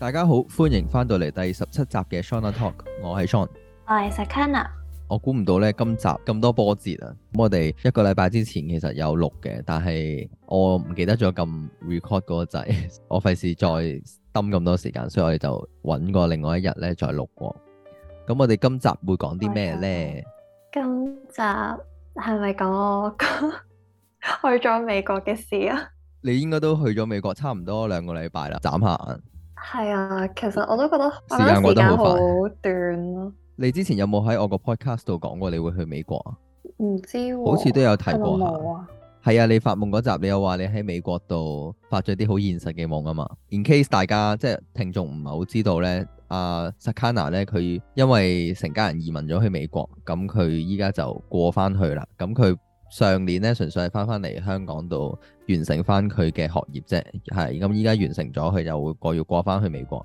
大家好，歡迎翻到嚟第十七集嘅 Seanatalk，我係 Sean，我係 Sakana，我估唔到咧今集咁多波折啊！咁我哋一個禮拜之前其實有錄嘅，但係我唔記得咗咁 record 嗰個掣，我費事再抌咁多時間，所以我哋就揾個另外一日咧再錄過。咁我哋今集會講啲咩咧？今集係咪講去咗美國嘅事啊？你應該都去咗美國差唔多兩個禮拜啦，眨下眼。係啊，其實我都覺得時間過得好快，好短咯。你之前有冇喺我個 podcast 度講過你會去美國啊？唔知喎、啊，好似都有睇過下。係啊，啊，你發夢嗰集，你又話你喺美國度發咗啲好現實嘅夢啊嘛。In case 大家，即係聽眾唔係好知道咧，阿 Sakana 咧，佢因為成家人移民咗去美國，咁佢依家就過翻去啦。咁佢。上年咧，純粹係翻返嚟香港度完成翻佢嘅學業啫，係咁依家完成咗，佢又會過要過翻去美國。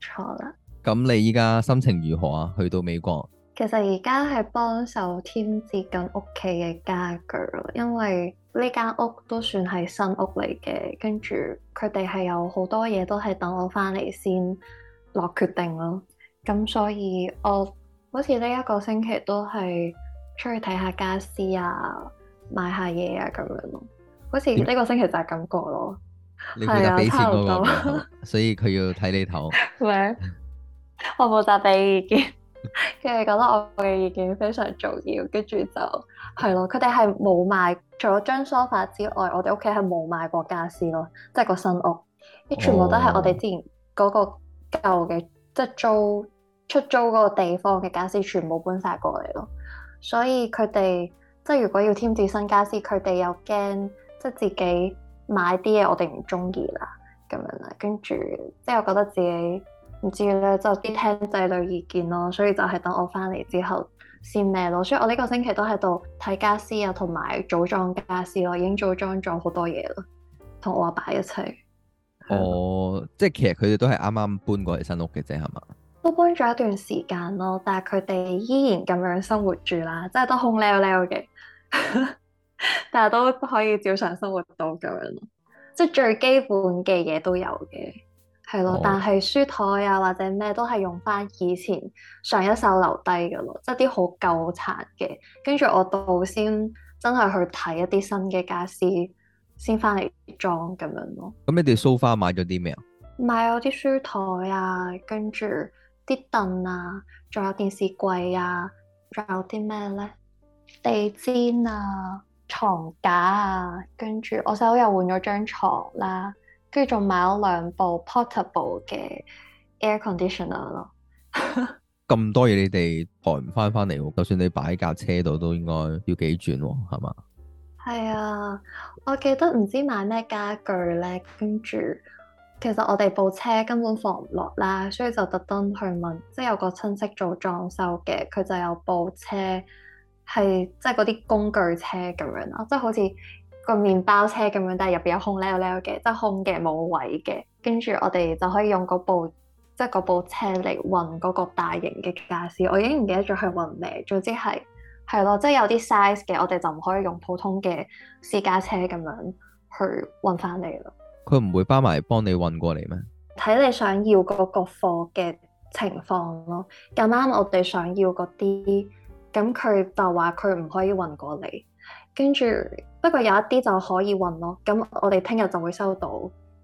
錯啦了！咁你依家心情如何啊？去到美國，其實而家係幫手添置緊屋企嘅家具咯，因為呢間屋都算係新屋嚟嘅，跟住佢哋係有好多嘢都係等我翻嚟先落決定咯。咁所以我好似呢一個星期都係。出去睇下家私啊，買下嘢啊，咁樣咯。好似呢個星期就係咁過咯，係啊、嗯，差唔多。 所以佢要睇你頭咩？我負責俾意見，跟住覺得我嘅意見非常重要。跟住就係咯，佢哋係冇買，除咗張梳 o 之外，我哋屋企係冇買過家私咯，即係個新屋。啲全部都係我哋之前嗰個舊嘅，即係租出租嗰個地方嘅家私，全部搬晒過嚟咯。所以佢哋即係如果要添置新家私，佢哋又驚即係自己買啲嘢我哋唔中意啦，咁樣啦，跟住即係我覺得自己唔知咧，就啲聽仔女意見咯，所以就係等我翻嚟之後先咩咯。所以我呢個星期都喺度睇家私啊，同埋組裝家私咯，已經組裝咗好多嘢啦，同我阿爸一齊。哦，即係其實佢哋都係啱啱搬過嚟新屋嘅啫，係嘛？都搬咗一段時間咯，但係佢哋依然咁樣生活住啦，即係都空溜溜嘅， 但係都可以照常生活到咁樣，即係最基本嘅嘢都有嘅，係咯。哦、但係書台啊或者咩都係用翻以前上一手留低噶咯，即係啲好舊殘嘅。跟住我到先真係去睇一啲新嘅家私，先翻嚟裝咁樣咯。咁你哋、so far 買咗啲咩啊？買咗啲書台啊，跟住。啲凳啊，仲有電視櫃啊，仲有啲咩咧？地氈啊，床架啊，跟住我細佬又換咗張床啦、啊，跟住仲買咗兩部 portable 嘅 air conditioner 咯。咁 多嘢你哋抬唔翻翻嚟喎，就算你擺架車度都應該要幾轉喎、啊，係嘛？係啊，我記得唔知買咩家具咧，跟住。其實我哋部車根本放唔落啦，所以就特登去問，即係有個親戚做裝修嘅，佢就有部車係即係嗰啲工具車咁樣啦，即係好似個麪包車咁樣，但係入邊有空溜溜嘅，即係空嘅冇位嘅，跟住我哋就可以用嗰部即係嗰部車嚟運嗰個大型嘅家私。我已經唔記得咗係運咩，總之係係咯，即係有啲 size 嘅，我哋就唔可以用普通嘅私家車咁樣去運翻嚟啦。佢唔會包埋幫你運過嚟咩？睇你想要嗰個貨嘅情況咯。咁啱我哋想要嗰啲，咁佢就話佢唔可以運過嚟。跟住不過有一啲就可以運咯。咁我哋聽日就會收到，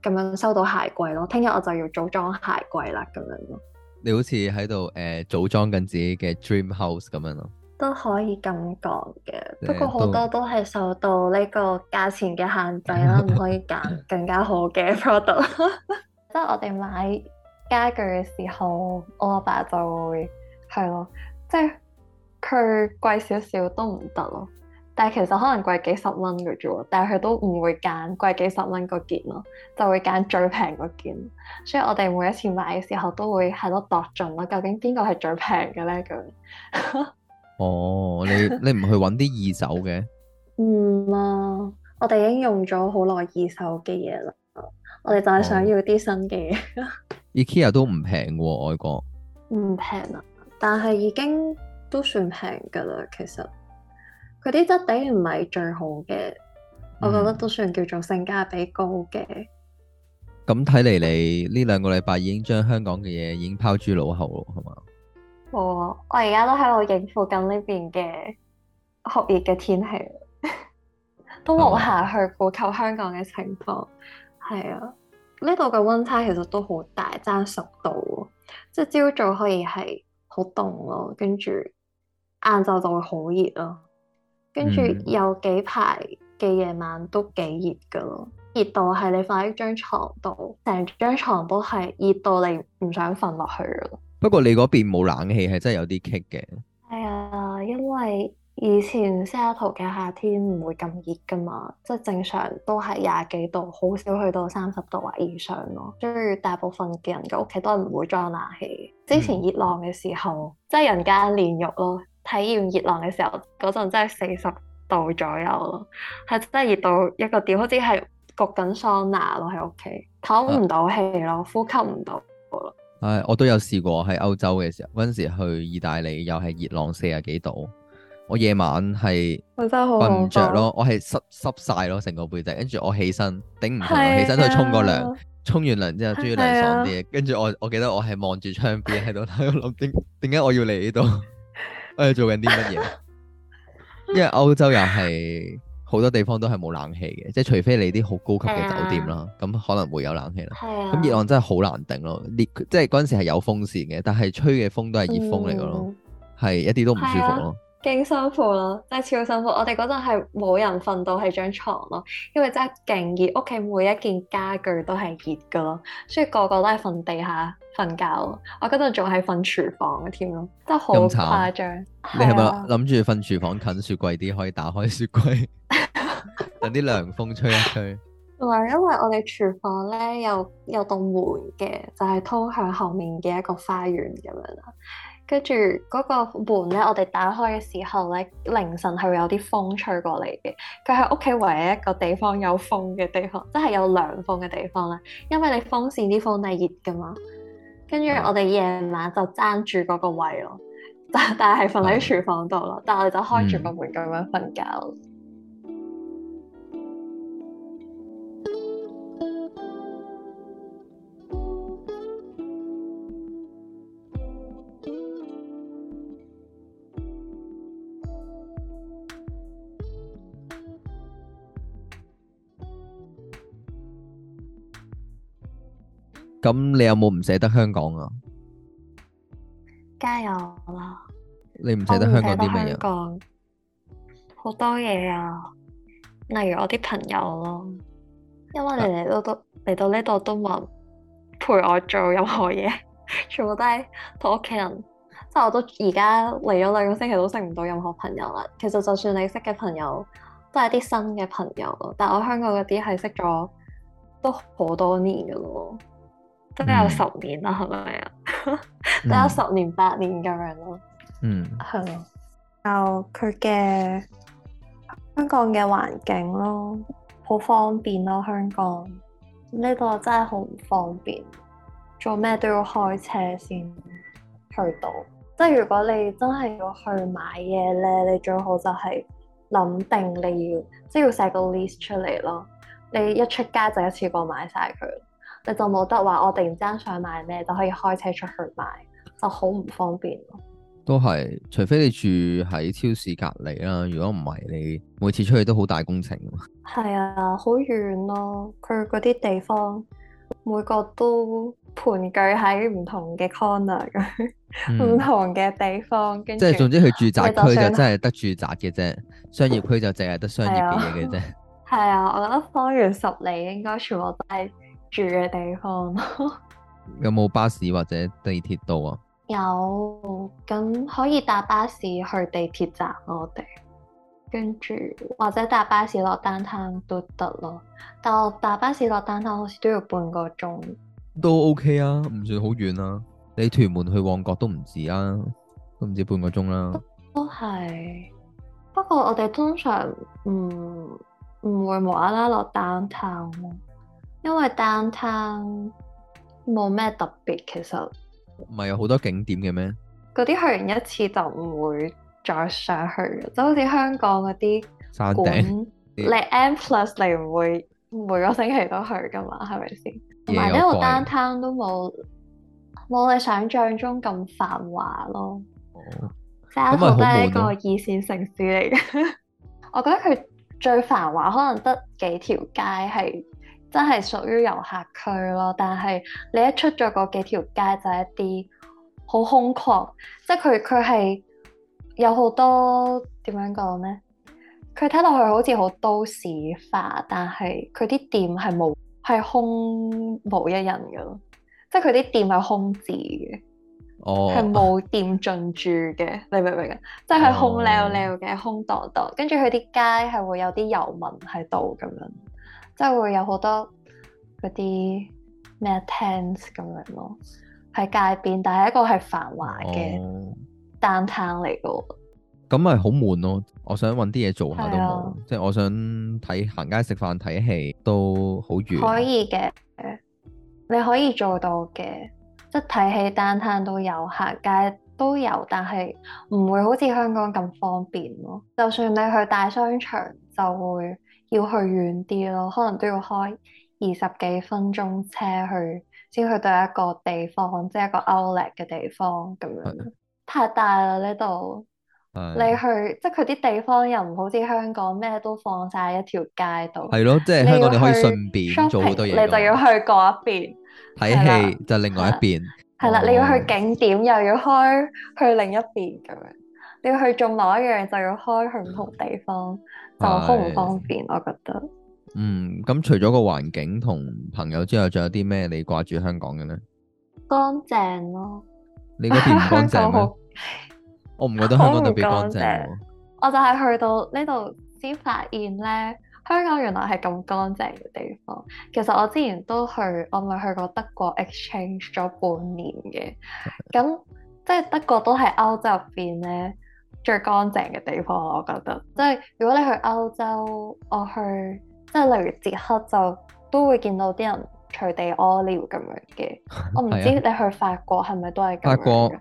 咁樣收到鞋櫃咯。聽日我就要組裝鞋櫃啦，咁樣咯。你好似喺度誒，組裝緊自己嘅 dream house 咁樣咯。都可以咁講嘅，不過好多都係受到呢個價錢嘅限制啦，唔 可以揀更加好嘅 product。 即係我哋買家具嘅時候，我阿爸，爸就會係咯，即係佢貴少少都唔得咯。但係其實可能貴幾十蚊嘅啫喎，但係佢都唔會揀貴幾十蚊嗰件咯，就會揀最平嗰件。所以我哋每一次買嘅時候都會喺度度盡咯，究竟邊個係最平嘅咧咁？ 哦，你你唔去揾啲二手嘅？唔、 嗯、啊，我哋已經用咗好耐二手嘅嘢啦，我哋就係想要啲新嘅嘢。Oh. IKEA 都唔平嘅，外國，唔平啊！但係已經都算平噶啦，其實佢啲質地唔係最好嘅，我覺得都算叫做性價比高嘅。咁睇嚟，你呢兩個禮拜已經將香港嘅嘢已經拋諸腦後咯，係嘛？哦、我我而家都喺度應付緊呢邊嘅酷熱嘅天氣， 都冇下去過。就香港嘅情況，係、哦、啊，呢度嘅温差其實都好大，爭十度，即係朝早可以係好凍咯，跟住晏晝就會好熱咯，跟住、嗯、有幾排嘅夜晚都幾熱噶咯。熱到係你瞓喺張床度，成張床都係熱到你唔想瞓落去咯不過你嗰邊冇冷氣係真係有啲棘嘅。係啊、哎，因為以前西雅圖嘅夏天唔會咁熱噶嘛，即、就、係、是、正常都係廿幾度，好少去到三十度或以上咯。所以大部分嘅人嘅屋企都係唔會裝冷氣。之前熱浪嘅時候，即係、嗯、人間煉獄咯，體驗熱浪嘅時候嗰陣真係四十度左右咯，係真係熱到一個點，好似係焗緊桑拿咯喺屋企，唞唔到氣咯，氣咯啊、呼吸唔到係、哎，我都有試過喺歐洲嘅時候，嗰陣時去意大利又係熱浪四十幾度，我夜晚係瞓唔着咯，我係濕濕曬咯成個背脊，跟住我起身頂唔順，的起身去沖個涼，沖完涼之後終於涼爽啲，跟住的我我記得我係望住窗邊喺度喺度諗點點解我要嚟呢度，我 係、哎、做緊啲乜嘢？ 因為歐洲又係。好多地方都係冇冷氣嘅，即係除非你啲好高級嘅酒店啦，咁、啊、可能會有冷氣啦。咁、啊、熱浪真係好難頂咯，熱即係嗰陣時係有風扇嘅，但係吹嘅風都係熱風嚟嘅咯，係、嗯、一啲都唔舒服咯，勁、啊、辛苦咯，真係超辛苦。我哋嗰陣係冇人瞓到喺張床咯，因為真係勁熱，屋企每一件家具都係熱嘅咯，所以個個都係瞓地下瞓覺。我嗰陣仲係瞓廚房嘅添咯，真係好誇張。啊、你係咪諗住瞓廚房近雪櫃啲，可以打開雪櫃？ 有啲涼風吹一吹，同埋 因為我哋廚房咧有有棟門嘅，就係通向後面嘅一個花園咁樣啦。跟住嗰個門咧，我哋打開嘅時候咧，凌晨係會有啲風吹過嚟嘅。佢喺屋企唯一一個地方有風嘅地方，即係有涼風嘅地方啦。因為你風扇啲風係熱噶嘛，跟住我哋夜晚就爭住嗰個位咯，oh. 但但係瞓喺廚房度咯，oh. 但係我哋就開住個門咁樣瞓覺。咁你有冇唔捨得香港啊？加油啦！你唔捨，捨得香港啲咩嘢？好多嘢啊，例如我啲朋友咯，因為你嚟都、啊、到都嚟到呢度都冇人陪我做任何嘢，全部都係同屋企人。即係我都而家嚟咗兩個星期都識唔到任何朋友啦。其實就算你識嘅朋友都係啲新嘅朋友咯，但係我香港嗰啲係識咗都好多年噶咯。都有十年啦，係咪啊？都有十年八年咁樣咯。嗯、mm.，係咯。又佢嘅香港嘅環境咯，好方便咯，香港。呢個真係好唔方便，做咩都要開車先去到。即係如果你真係要去買嘢咧，你最好就係諗定你要，即、就、係、是、要寫個 list 出嚟咯。你一出街就一次過買晒佢。你就冇得話，我突然間想買咩，就可以開車出去買，就好唔方便咯。都係，除非你住喺超市隔籬啦。如果唔係，你每次出去都好大工程。係啊，好遠咯。佢嗰啲地方，每個都盤踞喺唔同嘅 corner，唔同嘅地方。即係總之，佢住宅區就真係得住宅嘅啫，商業區就淨係得商業嘅嘅啫。係啊，啊，我覺得方圓十里應該全部都係。住嘅地方咯 有冇巴士或者地鐵到啊？有，咁可以搭巴士去地鐵站我，我哋跟住或者搭巴士落 downtown 都得咯。但係搭巴士落 downtown 好似都要半個鐘，都 OK 啊，唔算好遠啊。你屯門去旺角都唔止啊，都唔止半個鐘啦。都係，不過我哋通常唔唔會無啦啦落 downtown。因為 downtown 冇咩特別，其實唔係有好多景點嘅咩？嗰啲去完一次就唔會再上去嘅，就好似香港嗰啲山頂，你 M plus 你唔會每個星期都去噶嘛，係咪先？同埋呢個 downtown 都冇冇你想象中咁繁華咯。沙頭都係一個二線城市嚟嘅， 我覺得佢最繁華可能得幾條街係。真係屬於遊客區咯，但係你一出咗嗰幾條街，就一啲好空曠，即係佢佢係有好多點樣講咧？佢睇落去好似好都市化，但係佢啲店係冇係空無一人噶咯，即係佢啲店係空置嘅，哦，係冇店進駐嘅，你明唔明啊？Oh. 即係空溜溜嘅，空蕩蕩，跟住佢啲街係會有啲遊民喺度咁樣，即係會有好多嗰啲咩 tents 咁樣咯，喺街邊，但係一個係繁華嘅 downtown 嚟嘅。咁咪好悶咯！我想揾啲嘢做下都好，啊、即係我想睇行街食飯睇戲都好遠。可以嘅，你可以做到嘅，即係睇戲 downtown 都有行街，都有，但係唔會好似香港咁方便咯。就算你去大商場，就會要去遠啲咯，可能都要開二十幾分鐘車去，先去到一個地方，即係一個 Outlet 嘅地方咁樣。的太大啦呢度，的你去即係佢啲地方又唔好似香港咩都放晒一條街度。係咯，即係香港你可以順便做好多嘢，你，你就要去嗰一邊睇戲的就另外一邊。係啦，你要去景點又要開去另一邊咁樣，你要去做某一樣就要開去唔同地方，是就好唔方便，我覺得。嗯，咁除咗個環境同朋友之外，仲有啲咩你掛住香港嘅咧？乾淨咯。你嗰邊唔乾淨咩？我唔覺得香港特別乾淨。我就係去到呢度先發現咧。香港原來係咁乾淨嘅地方。其實我之前都去，我咪去過德國 exchange 咗半年嘅。咁即係德國都係歐洲入邊咧最乾淨嘅地方，我覺得。即係如果你去歐洲，我去即係例如捷克就都會見到啲人隨地屙尿咁樣嘅。我唔知你去法國係咪都係咁？法國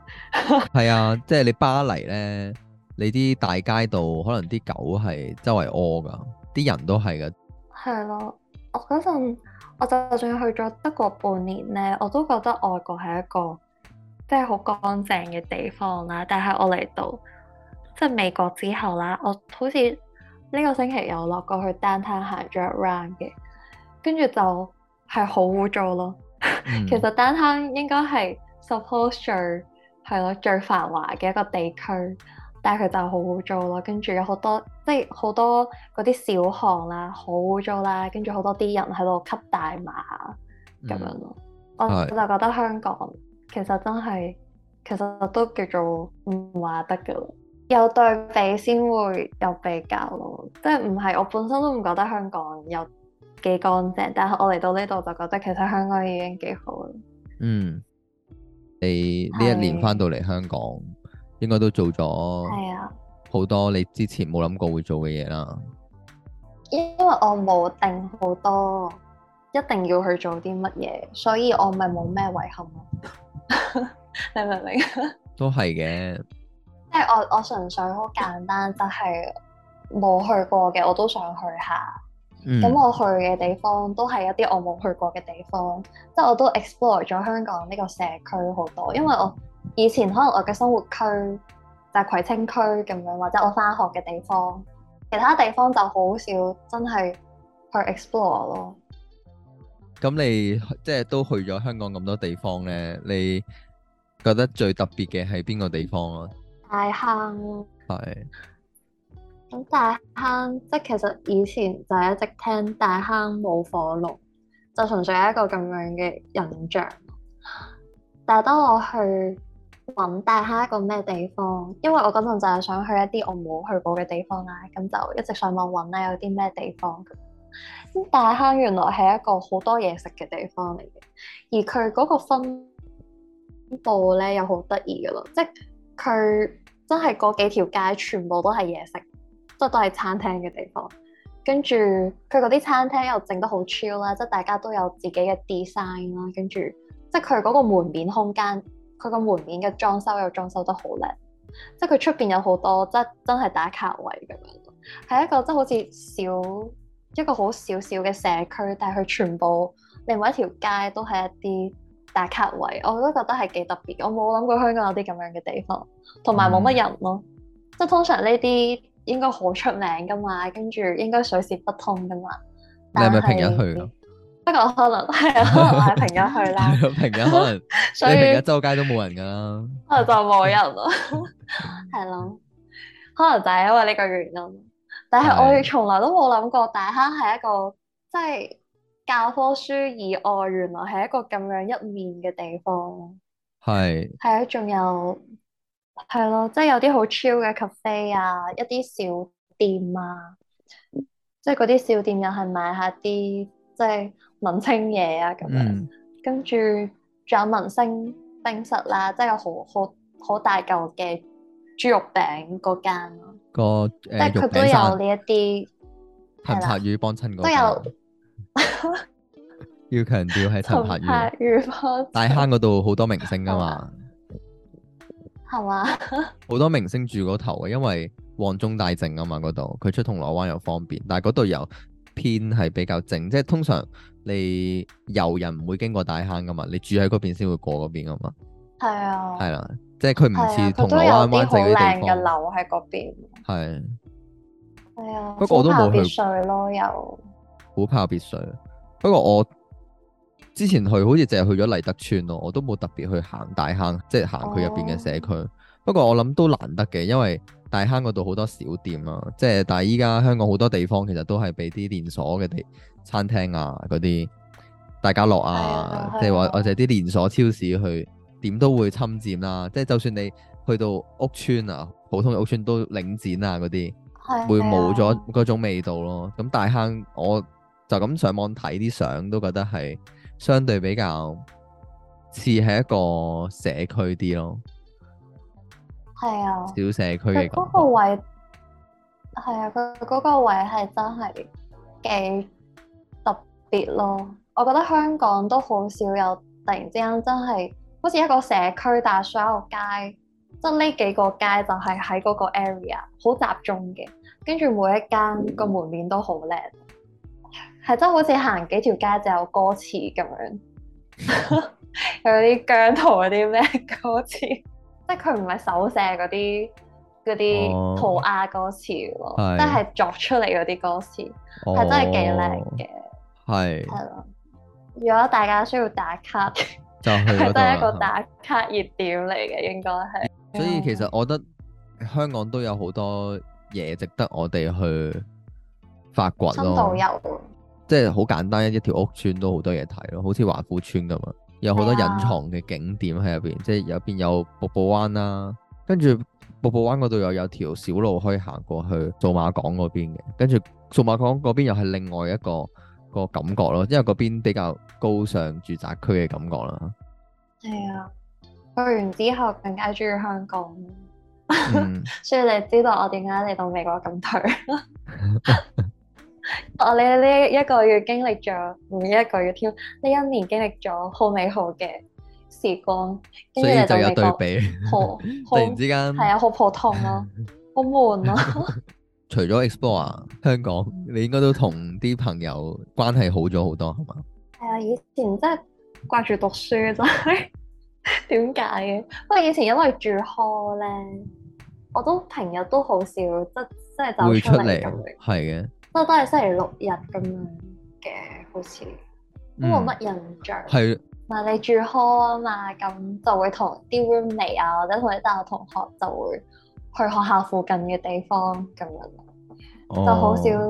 係 啊，即係你巴黎咧，你啲大街度可能啲狗係周圍屙㗎。啲人都係嘅，係咯。我嗰陣我就仲去咗德國半年咧，我都覺得外國係一個即係好乾淨嘅地方啦。但係我嚟到即係美國之後啦，我好似呢個星期又落過去 downtown 行咗 round 嘅，跟住就係好污糟咯。嗯、 其實 downtown 應該係 suppose 係咯最繁華嘅一個地區。但係佢就好污糟咯，跟住有好多即係好多嗰啲小巷啦，好污糟啦，跟住好多啲人喺度吸大麻嗯、咁樣咯。我是我就覺得香港其實真係其實都叫做唔話得嘅咯。有對比先會有比較咯，即係唔係我本身都唔覺得香港有幾乾淨，但係我嚟到呢度就覺得其實香港已經幾好。嗯，你呢一年翻到嚟香港，應該都做咗好多你之前冇諗過會做嘅嘢啦，因為我冇定好多一定要去做啲乜嘢，所以我咪冇咩遺憾咯。 你明唔明都係嘅，即係我我純粹好簡單，就係、是、冇去過嘅我都想去下。咁、嗯、我去嘅地方都係一啲我冇去過嘅地方，即、就、係、是、我都 explore 咗香港呢個社區好多，因為我。以前可能我嘅生活區就係、是、葵青區咁樣，或者我翻學嘅地方，其他地方就好少真係去 explore 咯。咁你即係都去咗香港咁多地方咧，你覺得最特別嘅係邊個地方啊？大坑係，咁是大坑即係其實以前就一直聽大坑舞火龍，就純粹係一個咁樣嘅印象。但係當我去。揾大坑一個咩地方？因為我嗰陣就係想去一啲我冇去過嘅地方啦，咁就一直上網揾咧，有啲咩地方？咁大坑原來係一個好多嘢食嘅地方嚟嘅，而佢嗰個分佈咧又好得意嘅咯，即係佢真係嗰幾條街全部都係嘢食，即係都係餐廳嘅地方。跟住佢嗰啲餐廳又整得好 chill 啦，即係大家都有自己嘅 design 啦。跟住即係佢嗰個門面空間。佢個門面嘅裝修又裝修得好靚，即係佢出邊有好多即真真係打卡位咁樣，係一個真好似小一個好小小嘅社區，但係佢全部另外一條街都係一啲打卡位，我都覺得係幾特別。我冇諗過香港有啲咁樣嘅地方，同埋冇乜人咯。嗯、即係通常呢啲應該好出名㗎嘛，跟住應該水泄不通㗎嘛。但你係咪平日去啊？一個可能係可能係平日去啦， 平日可能 所以平日周街都冇人噶啦、啊， 可能就冇人咯，係咯，可能就係因為呢個原因。但係我哋從嚟都冇諗過大坑係一個即係、就是、教科書以外，原來係一個咁樣一面嘅地方。係係啊，仲有係咯，即係、就是、有啲好 chill 嘅 cafe 啊，一啲小店啊，即係嗰啲小店又係買下啲即係。就是文青嘢啊咁樣，嗯、跟住仲有文星冰室啦，即係好好好大嚿嘅豬肉餅嗰間咯。個誒佢、呃、是都有呢一啲陳柏宇幫襯嗰間。都有 。要強調係陳柏宇。大坑嗰度好多明星噶嘛，係嘛是嗎？好 多明星住嗰頭啊，因為旺中帶靜啊嘛，嗰度佢出銅鑼灣又方便，但係嗰度有，天係比較靜，即係通常你遊人唔會經過大坑噶嘛，你住喺嗰邊先會過嗰邊噶嘛。係啊，係啦，即係佢唔似銅鑼灣嗰啲靚嘅樓喺嗰邊。係，係啊的，哎、呀不過我都冇去別墅咯，又好怕別墅。不過我之前去好似淨係去咗麗德村咯，我都冇特別去行大坑，即係行佢入邊嘅社區。哦、不過我諗都難得嘅，因為。大坑嗰度好多小店啊，即係但係依家香港好多地方其實都係畀啲連鎖嘅地餐廳啊，嗰啲大家樂啊，即係話或者啲連鎖超市去點都會侵佔啦，即係就算你去到屋邨啊，普通屋邨都領展啊嗰啲，的會冇咗嗰種味道咯。咁的大坑我就咁上網睇啲相都覺得係相對比較似係一個社區啲咯。係啊，小社區嘅。佢嗰個位，係、嗯、啊，佢、那、嗰個位係真係幾特別咯。我覺得香港都好少有突然之間真係，好似一個社區，但係所有街，即係呢幾個街就係喺嗰個 area 好集中嘅。跟住每一間個門面都、嗯、好靚，係真好似行幾條街就有歌詞咁樣， 有啲姜濤，有啲咩歌詞。即係佢唔係手寫嗰啲嗰啲塗鴉歌詞咯，即係作出嚟嗰啲歌詞，係真係幾靚嘅。係係咯，如果大家需要打卡，就係都一個打卡熱點嚟嘅，的應該係。所以其實我覺得香港都有好多嘢值得我哋去發掘咯，深度遊，即係好簡單，一條屋村都好多嘢睇咯，好似華富村咁啊。有好多隱藏嘅景點喺入邊，啊、即係入邊有瀑布灣啦、啊，跟住瀑布灣嗰度又有條小路可以行過去，數碼港嗰邊嘅，跟住數碼港嗰邊又係另外一個個感覺咯，因為嗰邊比較高尚住宅區嘅感覺啦。係啊，去完之後更加中意香港，嗯、 所以你知道我點解嚟到美國咁頹。 哦、啊，你呢一個月經歷咗唔，一個月挑。呢一年經歷咗好美好嘅時光，所以就有對比。 突然之間係啊，好普通囉，好悶 啊。除咗 explore 啊，香港你應該都同啲朋友關係好咗好多，係嘛？係啊，以前真係掛住讀書就係點解嘅？不 過以前因為住 hall 咧，我都平日都好少即即係走出嚟咁。係嘅。都都係星期六日咁樣嘅，好似都冇乜印象。係、嗯，但係你住康啊嘛，咁就會同啲 roommate 啊，或者同啲大學同學就會去學校附近嘅地方咁樣，哦、就好少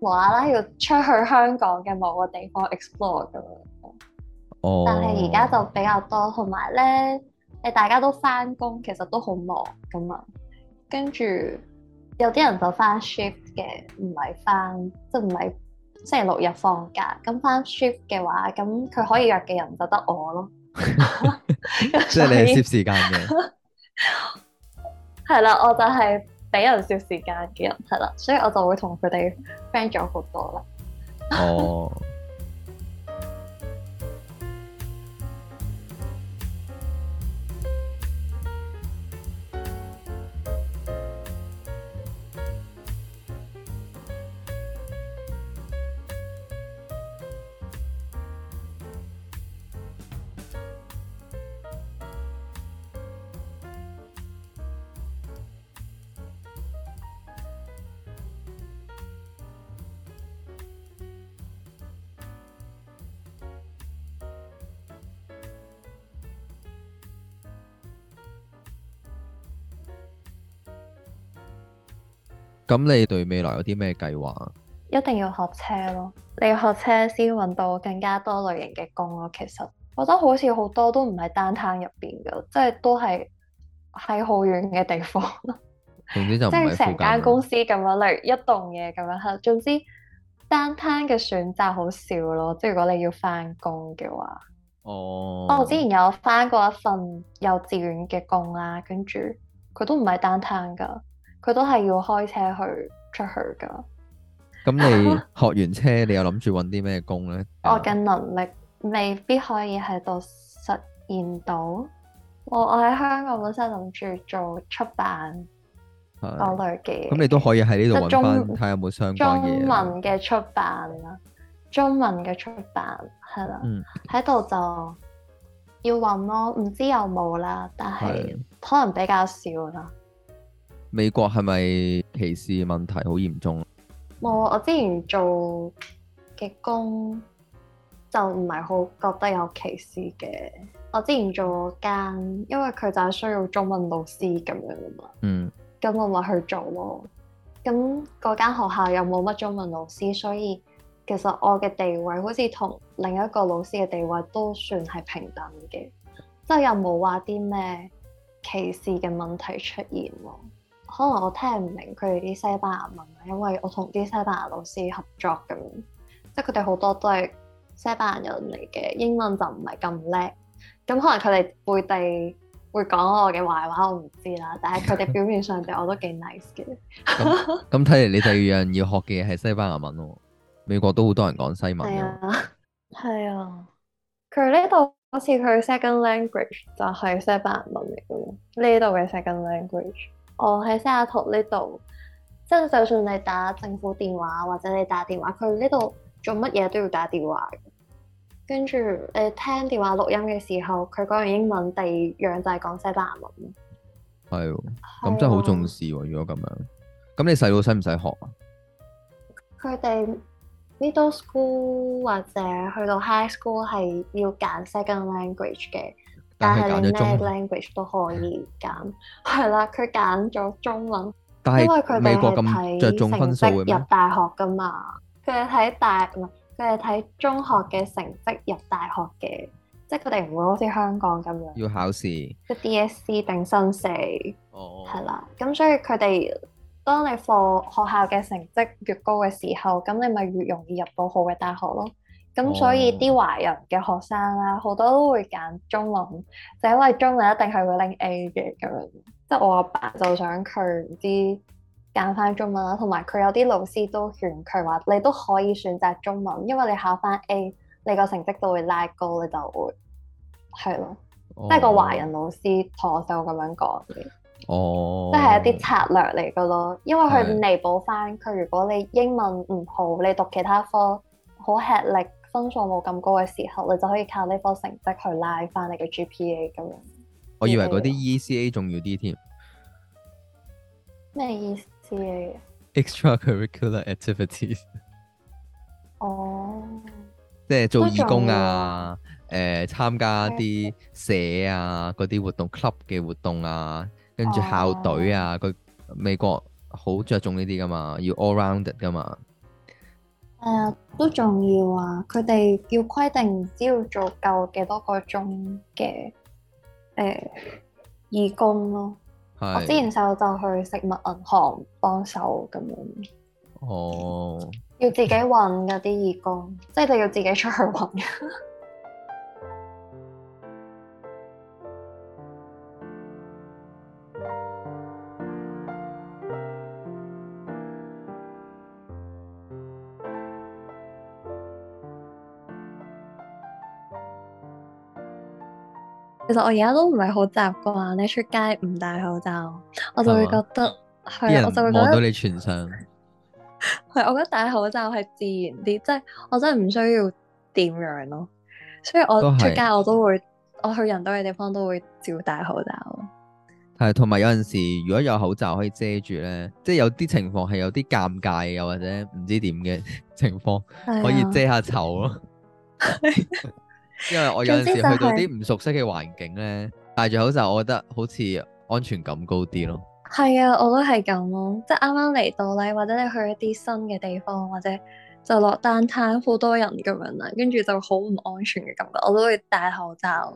無啦啦要出去香港嘅某個地方 explore 咁樣。哦、但係而家就比較多，同埋咧，你大家都翻工，其實都好忙噶嘛，跟住。有啲人就翻 shift 嘅，唔係翻，即係唔係星期六日放假。咁翻 shift 嘅話，咁佢可以約嘅人就得我咯。即係 你係攝時間嘅，係啦， 我就係俾人攝時間嘅人，係啦，所以我就會同佢哋 friend 咗好多啦。哦。 Oh. 咁你對未來有啲咩計劃啊？一定要學車咯，你要學車先揾到更加多類型嘅工咯。其實我覺得好似好多都唔係單攤入邊嘅，即係都係喺好遠嘅地方咯。即係成間公司咁樣嚟一棟嘢咁樣，總之單攤嘅選擇好少咯。即係如果你要翻工嘅話，oh. 哦，我之前有翻過一份幼稚園嘅工啦，跟住佢都唔係單攤㗎。佢都係要開車去出去㗎。咁你學完車， 你又諗住揾啲咩工咧？我嘅能力未必可以喺度實現到。我我喺香港本身諗住做出版嗰類嘅。咁你都可以喺呢度揾返，睇下有冇相關中文嘅出版啦，中文嘅出版係啦，喺度、嗯、就要揾咯。唔知有冇啦，但係可能比較少啦。美國係咪歧視問題好嚴重？冇，我之前做嘅工就唔係好覺得有歧視嘅。我之前做間，因為佢就係需要中文老師咁樣啊嘛。嗯，咁我咪去做咯。咁嗰間學校又冇乜中文老師，所以其實我嘅地位好似同另一個老師嘅地位都算係平等嘅，即係又冇話啲咩歧視嘅問題出現喎。可能我聽唔明佢哋啲西班牙文，因為我同啲西班牙老師合作咁，即係佢哋好多都係西班牙人嚟嘅，英文就唔係咁叻。咁可能佢哋背地會講我嘅壞話，我唔知啦。但係佢哋表面上對我都幾 nice 嘅。咁睇嚟，你第二樣要學嘅係西班牙文喎。美國都好多人講西文。係啊，係啊，佢呢度好似佢 second language 就係西班牙文嚟嘅喎。呢度嘅 second language。我喺、哦、西雅圖呢度，即係就算你打政府電話或者你打電話，佢呢度做乜嘢都要打電話嘅。跟住誒，聽電話錄音嘅時候，佢講完英文第二樣就係講西班牙文。係，咁真係好重視喎。如果咁樣，咁你細佬使唔使學啊？佢哋呢度 middle school 或者去到 high school 係要揀 second language 嘅。但係你咩 language 都可以揀，係啦，佢揀咗中文。但係美國咁着重分數入大學㗎嘛？佢係睇大唔係，佢係睇中學嘅成績入大學嘅，即係佢哋唔會好似香港咁樣要考試，即係 DSE 定新四哦，係啦。咁所以佢哋當你課學校嘅成績越高嘅時候，咁你咪越容易入到好嘅大學咯。咁、嗯哦、所以啲華人嘅學生啦、啊，好多都會揀中文，就是、因為中文一定係會拎 A 嘅咁樣。即係我阿爸，爸就想佢唔知揀翻中文啦，同埋佢有啲老師都勸佢話：你都可以選擇中文，因為你考翻 A，你個成績都會拉高，你就會係咯。即係、哦、個華人老師同我細佬咁樣講嘅。哦，即係一啲策略嚟噶咯，因為佢彌補翻佢。的如果你英文唔好，你讀其他科好吃力。分數冇咁高嘅時候，你就可以靠呢科成績去拉翻你嘅 GPA 咁樣。我以為嗰啲 ECA 重要啲添。咩 ECA？Extracurricular activities。哦。Oh，即係做義工啊，誒、呃、參加啲社啊，嗰啲活動 club 嘅活動啊，跟住校隊啊，佢、oh. 美國好着重呢啲㗎嘛，要 all round 㗎嘛。誒，uh, 都重要啊！佢哋要規定，唔知要做夠幾多個鐘嘅誒義工咯。的我之前細佬就去食物銀行幫手咁樣。哦。Oh. 要自己搵嗰啲義工，即係要自己出去搵。 其實我而家都唔係好習慣咧，出街唔戴口罩，我就會覺得係，我就會覺得望到你全身。係， 我覺得戴口罩係自然啲，即係我真係唔需要點樣咯。所以我出街我都會，都是我去人多嘅地方都會照戴口罩。係，同埋有陣時如果有口罩可以遮住咧，即係有啲情況係有啲尷尬又或者唔知點嘅情況，啊、可以遮下醜咯。 因為我有陣時去到啲唔熟悉嘅環境咧，就是、戴住口罩我覺得好似安全感高啲咯。係啊，我都係咁咯，即係啱啱嚟到咧，或者你去一啲新嘅地方，或者就落單攤好多人咁樣啦，跟住就好唔安全嘅感覺，我都會戴口罩。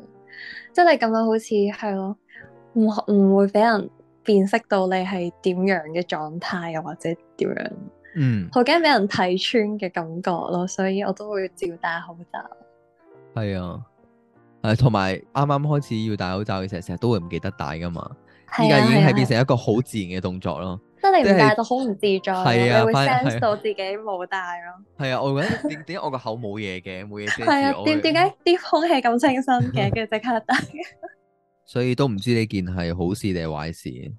即係你咁樣好似係咯，唔唔會俾人辨識到你係點樣嘅狀態，又或者點樣？嗯，好驚俾人睇穿嘅感覺咯，所以我都會照戴口罩。係啊，誒，同埋啱啱開始要戴口罩嘅時候，成日都會唔記得戴噶嘛。依家、啊、已經係變成一個好自然嘅動作咯， 即係你唔戴就好唔自在，啊啊、會 sense、啊啊、到自己冇戴咯。係啊，我覺得點點解我個口冇嘢嘅，冇嘢遮住。係啊，點點解啲空氣咁清新嘅，跟住即刻戴。 所以都唔知呢件係好事定係壞事。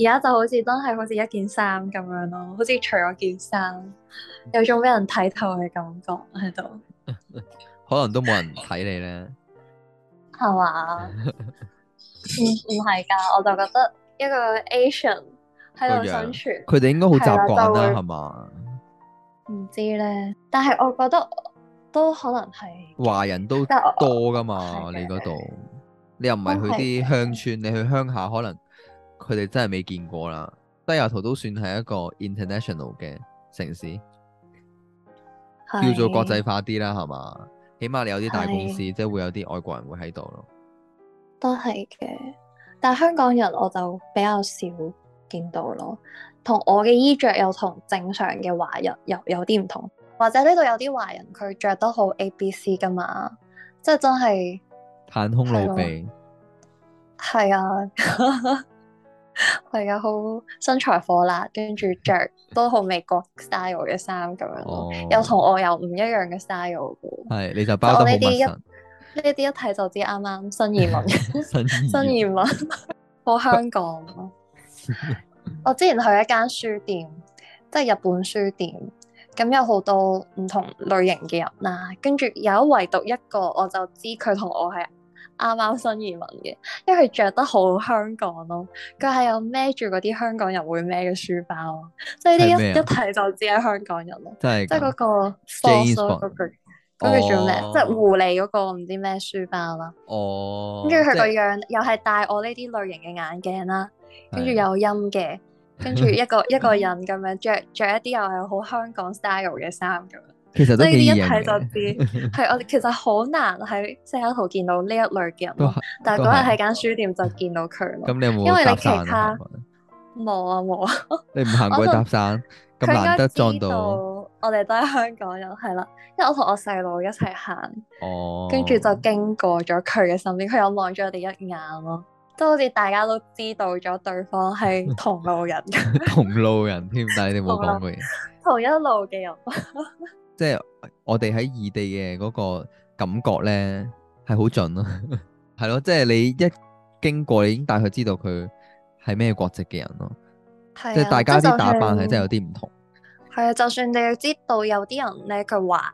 而家就好似真係好似一件衫咁樣咯，好似除咗件衫，有種俾人睇透嘅感覺喺度。 可能都冇人睇你咧，係嘛吧？唔唔係噶我就覺得一個 Asian 喺度生存，佢哋應該好習慣啦，係嘛？唔吧知咧，但係我覺得都可能係華人都多噶嘛你嗰度，你又唔係去啲鄉村，的你去鄉下可能佢哋真係未見過啦。西雅圖都算係一個 international 嘅城市，的叫做國際化啲啦，係嘛？起碼你有啲大公司，是即係會有啲外國人會喺度咯，都係嘅。但係香港人我就比較少見到咯。同我嘅衣着又同正常嘅華人又有啲唔同，或者呢度有啲華人佢着得好 A B C 噶嘛，即係真係坦胸露臂。係啊。 係啊，好 身材火辣，跟住着都好美國 style 嘅衫咁樣咯，哦、又同我有唔一樣嘅 style 嘅。係，你就包得好呢啲一呢啲一睇就知啱啱新移民，新移民 好香港咯。 我之前去一間書店，即係日本書店，咁有好多唔同類型嘅人啦，跟住有唯獨一個我就知佢同我係。啱啱新移民嘅，因為佢着得好香港咯，佢係有孭住嗰啲香港人會孭嘅書包，即係呢啲一睇就知係香港人咯。即係即係嗰個 fox 嗰、嗰個，嗰 ays、bon. 個叫咩？即係、oh. 狐狸嗰個唔知咩書包啦。哦。跟住佢個樣又係戴我呢啲類型嘅眼鏡啦，跟住、oh. oh. 有陰嘅，跟住一個 一個人咁樣着著一啲又係好香港 style 嘅衫咁樣。其實呢啲一睇就知，係 我哋其實好難喺西雅圖見到呢一類嘅人，哇但係嗰日喺間書店就見到佢咯。咁你有冇因為你其他冇啊冇啊！啊 你唔行過搭訕，咁難得撞到。我哋都係香港人，係啦，因為我同我細佬一齊行，跟住、哦、就經過咗佢嘅身邊，佢有望咗我哋一眼咯，都好似大家都知道咗對方係同路人 同路人添，但係你冇講過嘢。同一路嘅人。 即係我哋喺異地嘅嗰個感覺咧，係好準咯、啊，係 咯，即係你一經過，你已經大概知道佢係咩國籍嘅人咯。的即係大家啲打扮係真係有啲唔同。係啊，就算你要知道有啲人咧，佢華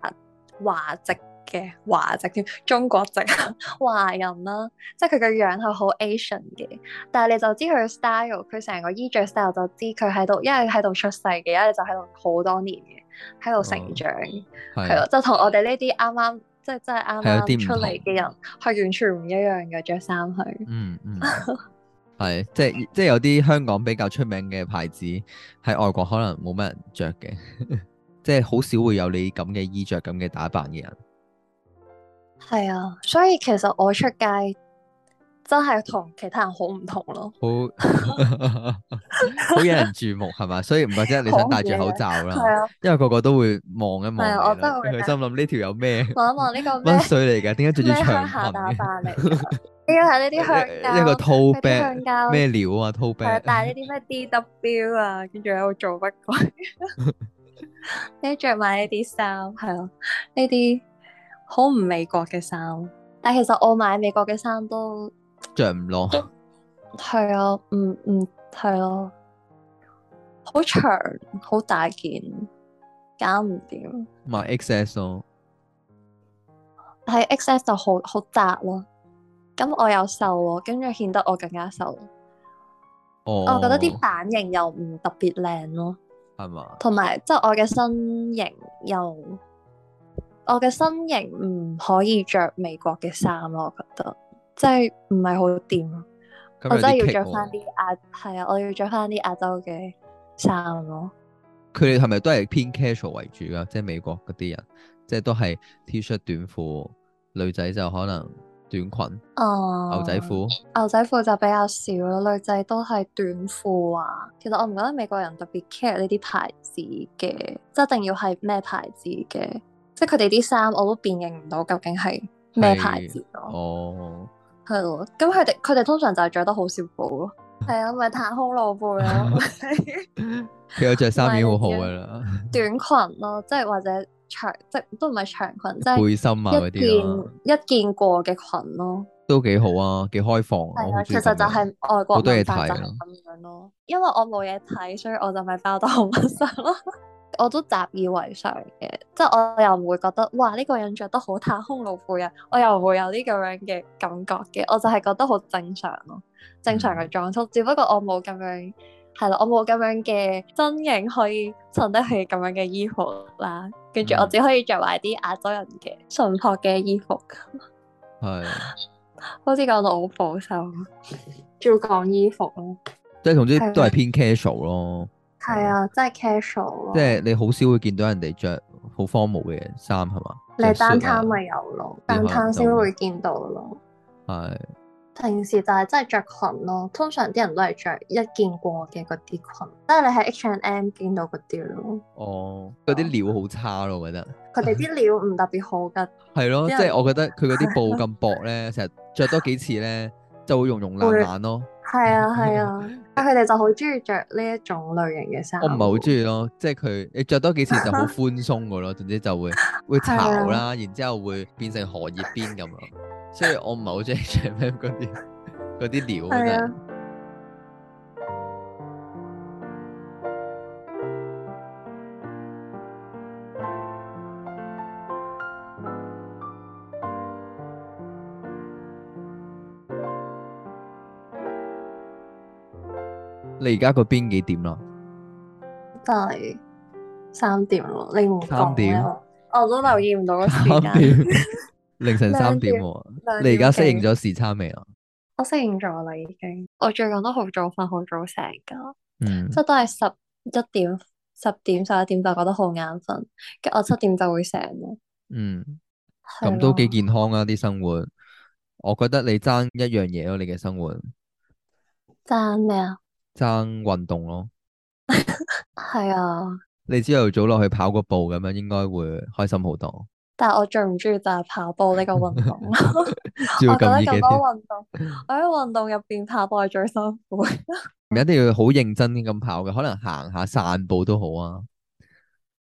華籍嘅華籍添，中國籍 華人啦、啊，即係佢嘅樣係好 Asian 嘅，但係你就知佢 style，佢成個衣、e、著、er、style 就知佢喺度，一係喺度出世嘅，一係就喺度好多年嘅。喺度成長，係咯，就是、剛剛同我哋呢啲啱啱，即係即係啱啱出嚟嘅人，係完全唔一樣嘅着衫去。嗯嗯，係即係即係有啲香港比較出名嘅牌子，喺外國可能冇乜人着嘅， 即係好少會有你咁嘅衣着、咁嘅打扮嘅人。係啊，所以其實我出街。真係同其他人好唔同咯，好，好引人注目係嘛？所以唔怪之你想戴住口罩啦，因為個個都會望一望，係啊，我都會心諗呢條有咩？望一望呢個乜水嚟㗎？點解着住長裙？鄉下打扮嚟，應該係呢啲鄉郊，一個 tote bag 咩料啊？tote bag，戴呢啲咩 DW 啊？跟住喺度做乜鬼？你着埋呢啲衫係咯，呢啲好唔美國嘅衫，但其實我買美國嘅衫都。着唔落，係 啊，唔唔係咯，好、啊、長，好大件，搞唔掂。買 X S 咯，喺 X S 就好好窄咯。咁、嗯、我又瘦喎，跟住顯得我更加瘦。哦，oh. 我覺得啲版型又唔特別靚咯，係嘛嗎？同埋即係我嘅身形又，我嘅身形唔可以着美國嘅衫咯，我覺得。即係唔係好掂，真我真係要着翻啲亞，係我啊，我要着翻啲亞洲嘅衫咯。佢哋係咪都係偏 casual 為主㗎？即係美國嗰啲人，即係都係 T 恤短褲，女仔就可能短裙，oh, 牛仔褲。牛仔褲就比較少咯，女仔都係短褲啊。其實我唔覺得美國人特別 care 呢啲牌子嘅，即係一定要係咩牌子嘅，即係佢哋啲衫我都辨認唔到究竟係咩牌子咯。係咯，咁佢哋佢哋通常就係着得好少布咯，係啊 的，咪袒胸露背咯，佢有着衫已經好好噶啦，短裙咯，即係 或者長，即都唔係長裙，即背心啊嗰啲一件， 一件一件過嘅裙咯，都幾好啊，幾開放啊，係啊， 其實就係外國文化就係咁樣咯，因為我冇嘢睇，所以我就咪包得好密實咯。 我都習以為常嘅，即係我又唔會覺得哇呢、這個人着得好太空老婦人，我又唔會有呢咁樣嘅感覺嘅。我就係覺得好正常咯，正常嘅裝束。只不過我冇咁樣係啦，我冇咁樣嘅身型可以襯得起咁樣嘅衣服啦。跟住的我只可以着埋啲亞洲人嘅純樸嘅衣服。係，的 好似講到好保守，主要講衣服咯， 即係同啲都係偏 casual 咯的。係啊，真係 casual 啊。即係你好少會見到人哋着好 formal 嘅衫，係嘛？你單攤咪有咯，單攤先會見到咯。係是。平時就係真係着裙咯，通常啲人都係着一見過嘅嗰啲裙，即係你喺 H and M 見到嗰啲咯。哦，嗰啲料好差咯，我覺得 。佢哋啲料唔特別好噶。係咯，即係我覺得佢嗰啲布咁薄咧，成日着多幾次咧，就會融融爛爛咯。係啊係啊，但佢哋就好中意着呢一種類型嘅衫。我唔係好中意咯，即係佢你着多幾次就好寬鬆噶咯，總之就會會巢啦，啊、然後之後會變成荷葉邊咁咯，所以我唔係好中意着咩嗰啲嗰啲料，啊你而家個邊幾點咯？就係三點咯，你冇講。三點，我都留意唔到個時間。三點， 凌晨三點。點點你而家適應咗時差未啊？我適應咗啦，已經。我最近都好早瞓，好早醒噶。即係、嗯、都係十一點、十點、十一點就覺得好眼瞓，我七點就會醒咯。嗯，咁的都幾健康啊！啲生活，我覺得你爭一樣嘢咯，你嘅生活。爭咩啊？爭運動咯，係 啊！你朝頭早落去跑個步咁樣，應該會開心好多。但係我最唔中意就係跑步呢個運動， 要我覺得咁多運動， 我喺運動入邊跑步係最辛苦。唔 一定要好認真咁跑嘅，可能行下散步都好啊。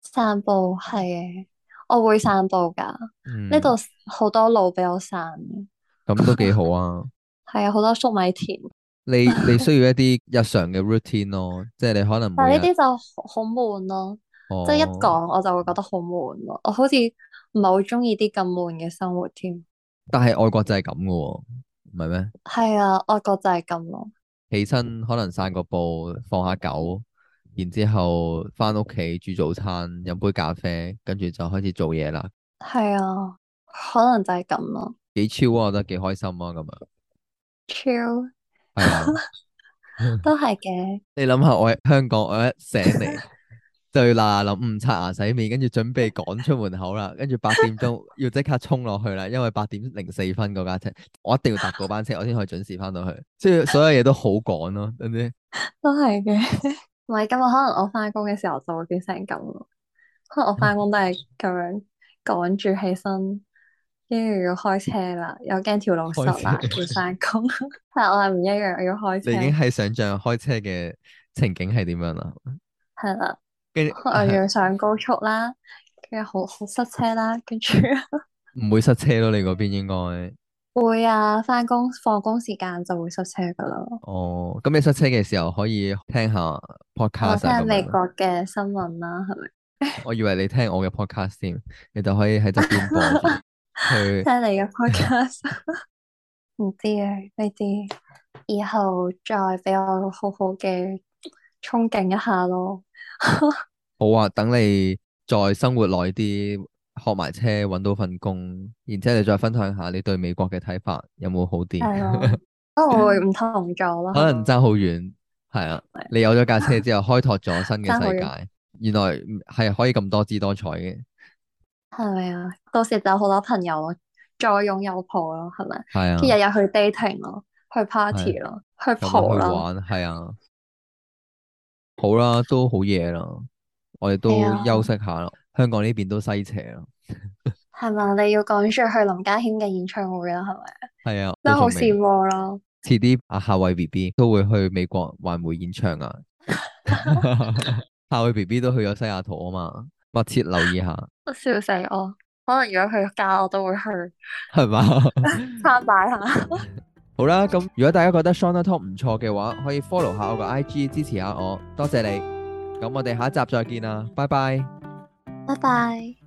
散步係，我會散步噶。呢度好多路俾我散，咁都幾好啊。係啊， 好多粟米田。你 你需要一啲日常嘅 routine 咯，即係你可能唔係，但係呢啲就好悶咯，悶啊哦，即係一講我就會覺得好悶咯，我好似唔係好中意啲咁悶嘅生活添。但係外國就係咁嘅，唔係咩？係啊，外國就係咁咯。起身可能散個步，放下狗，然之後翻屋企煮早餐，飲杯咖啡，跟住就開始做嘢啦。係 啊，可能就係咁咯。幾超啊，我覺得幾開心啊，咁啊。超。係啊， 都係嘅。你諗下，我喺香港，我一醒嚟 就要啦諗，唔刷牙洗面，跟住準備趕出門口啦，跟住八點鐘要即刻沖落去啦，因為八點零四分嗰架車，我一定要搭嗰班車， 我先可以準時翻到去，即係所有嘢都好趕咯，對唔對？都係是嘅，唔係咁啊？可能我翻工嘅時候就會變成咁咯，可能我翻工都係咁樣趕住 起身。跟住要開車啦，又驚條路塞啦，要翻工。開車 但係我係唔一樣，我要開車。你已經係想象開車嘅情景係點樣啦？係啦， 跟住我要上高速啦，跟住好好塞車啦，跟住唔會塞車咯。你嗰邊應該 會啊，翻工放工時間就會塞車噶啦。哦，咁你塞車嘅時候可以聽下 podcast。我聽美國嘅新聞啦，係咪 吧？我以為你聽我嘅 podcast 先，你就可以喺側邊播。 聽你嘅 p 唔知啊呢啲，以後再俾我好好嘅憧憬一下咯。 好啊，等你再生活耐啲，學埋車，搵到份工，然之後你再分享下你對美國嘅睇法有冇好啲？ 啊，會唔通同咗咯？ 可能差好遠，係啊，你有咗架車之後，開拓咗新嘅世界， 遠原來係可以咁多姿多彩嘅。係啊，到時就有好多朋友再擁又抱咯，係咪？係啊，日日去 dating 咯，去 party 咯，啊，去蒲玩，係啊。好啦，都好夜啦，我哋都、啊、休息下啦。香港呢邊都西斜啦。係 咪你要趕住去林家謙嘅演唱會啦？係咪？係啊，都好羨慕咯。遲啲阿夏偉 B B 都會去美國巡回演唱啊。 夏偉 B B 都去咗西雅圖啊嘛。密切留意下，我笑死我，可能如果佢嫁我都會去，係嘛 是吧？參拜下，好啦，咁如果大家覺得 Seanatalk 唔錯嘅話，可以 follow 下我個 IG 支持下我，多謝你。咁我哋下一集再見啦，拜拜，拜拜。